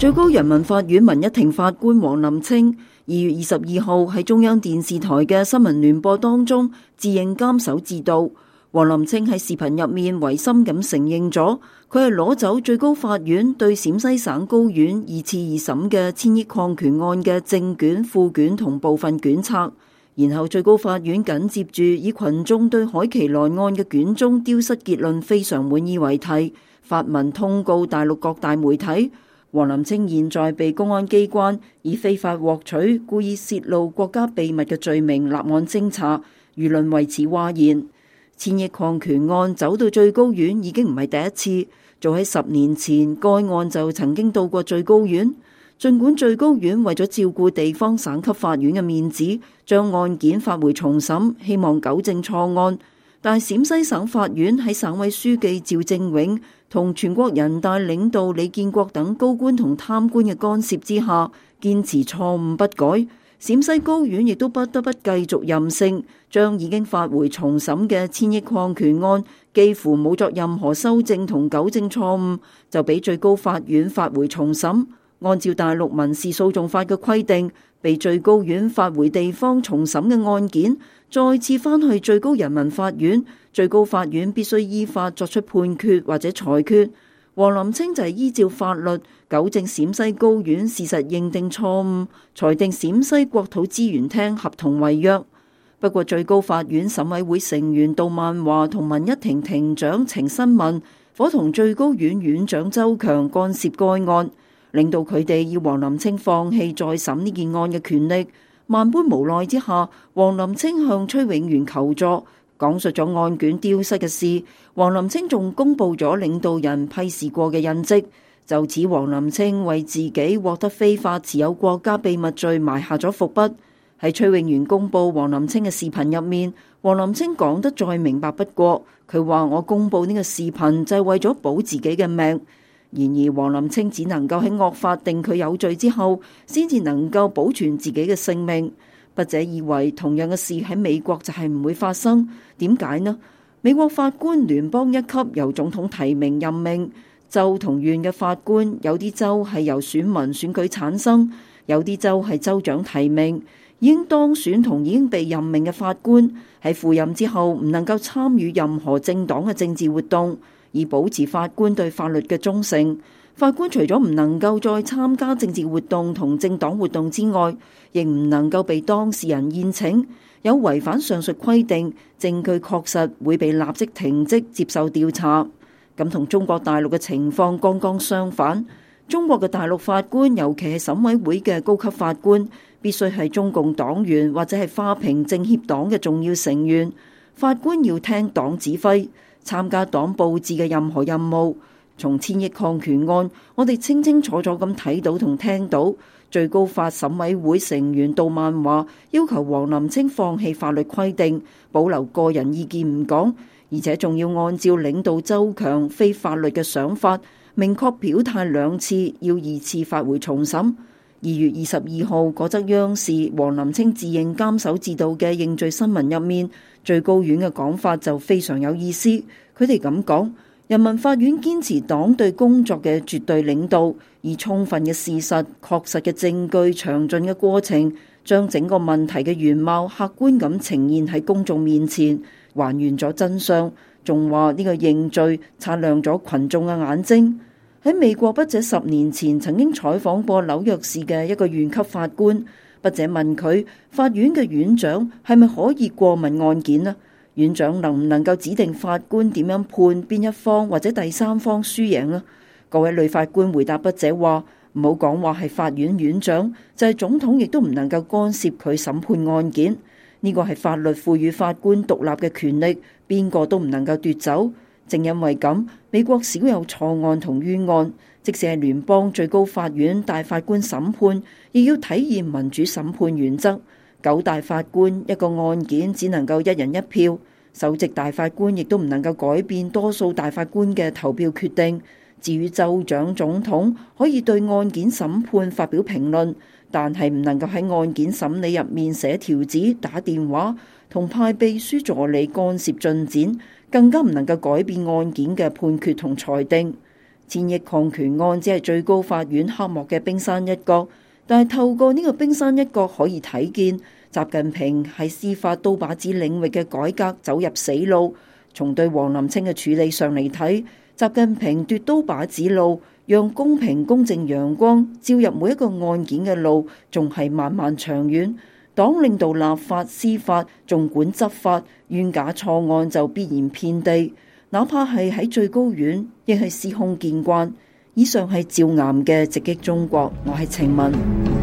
最高人民法院民一庭法官王林清二月二十二號喺中央電視台嘅新聞聯播當中，自認監守自盜。王林清喺視頻入面違心咁承認咗，佢係攞走最高法院對陝西省高院二次二審嘅千億礦權案嘅正卷、副卷同部分卷冊。然後最高法院緊接住以群眾對凱奇萊案嘅卷宗丟失結論非常滿意為題，發文通告大陸各大媒體。王林清現在被公安機關以非法獲取、故意洩露國家秘密嘅罪名立案偵查，輿論為此嘩然。千億礦權案走到最高院已經唔係第一次，早喺十年前該案就曾經到過最高院。儘管最高院為咗照顧地方省級法院嘅面子，將案件發回重審，希望糾正錯案。但係陝西省法院喺省委書記趙正永同全國人大領導李建國等高官同貪官嘅干涉之下，堅持錯誤不改。陝西高院亦都不得不繼續任性，將已經發回重審嘅千億礦權案，幾乎冇作任何修正同糾正錯誤，就俾最高法院發回重審。按照大陸民事訴訟法嘅規定。被最高院發回地方重審嘅案件，再次返去最高人民法院，最高法院必須依法作出判決或者裁決。王林清就係依照法律糾正陝西高院事實認定錯誤，裁定陝西國土資源廳合同違約。不過最高法院審委會成員杜萬華同民一庭庭長程新文，夥同最高院院長周強干涉該案。令到佢哋要王林清放棄再審呢件案嘅權力，萬般無奈之下，王林清向崔永元求助，講述咗案卷丟失嘅事。王林清仲公布咗領導人批示過嘅印迹，就此王林清為自己獲得非法持有國家秘密罪埋下咗伏筆。喺崔永元公布王林清嘅視頻入面，王林清講得再明白不過，佢話我公布呢個視頻就係為咗保自己嘅命。然而，王林清只能夠喺惡法定佢有罪之後，先至能夠保存自己嘅性命。筆者以為，同樣嘅事喺美國就係唔會發生。點解呢？美國法官聯邦一級由總統提名任命，州同縣嘅法官有啲州係由選民選舉產生，有啲州係州長提名。應當選同已經被任命嘅法官喺赴任之後，唔能夠參與任何政黨嘅政治活動。以保持法官對法律嘅忠誠，法官除咗唔能夠再參加政治活動同政黨活動之外，亦唔能夠被當事人宴請。有違反上述規定，證據確實，會被立即停職接受調查。咁同中國大陸嘅情況剛剛相反，中國嘅大陸法官，尤其係審委會嘅高級法官，必須係中共黨員或者係花瓶政協黨嘅重要成員。法官要聽黨指揮。參加黨佈置嘅任何任務，從千億礦權案，我哋清清楚楚咁睇到同聽到最高法審委會成員杜萬華要求王林清放棄法律規定，保留個人意見唔講，而且仲要按照領導周強非法律嘅想法，明確表態兩次要二次發回重審。二月二十二號嗰則央視王林清自認監守自盜嘅認罪新聞入面，最高院嘅講法就非常有意思。佢哋咁講，人民法院堅持黨對工作嘅絕對領導，以充分嘅事實、確實嘅證據、詳盡嘅過程，將整個問題嘅原貌客觀咁呈現喺公眾面前，還原咗真相，仲話呢個認罪擦亮咗群眾嘅眼睛。喺美國，筆者十年前曾經採訪過紐約市嘅一個縣級法官。筆者問佢：法院嘅院長係咪可以過問案件呢？院長能唔能夠指定法官點樣判邊一方或者第三方輸贏呢？各位女法官回答筆者話：唔好講話係法院院長，就係總統亦都唔能夠干涉佢審判案件。呢個係法律賦予法官獨立嘅權力，邊個都唔能夠奪走。正因為咁，美國少有錯案同冤案，即使係聯邦最高法院大法官審判，亦要體現民主審判原則。九大法官一個案件只能夠一人一票，首席大法官亦都唔能夠改變多數大法官嘅投票決定。至於州長、總統可以對案件審判發表評論，但係唔能夠喺案件審理入面寫條子、打電話同派秘書助理干涉進展，更加唔能夠改變案件嘅判決同裁定。千億礦權案只係最高法院黑幕嘅冰山一角，但係透過呢個冰山一角可以睇見，習近平喺司法刀把子領域嘅改革走入死路。從對王林清嘅處理上嚟睇，習近平奪刀把子路，讓公平公正陽光照入每一個案件嘅路，仲係漫漫長遠。黨領導立法、司法、縱管執法，冤假錯案就必然遍地，哪怕係喺最高院，亦係司空見慣。以上係趙岩嘅直擊中國，我係程文。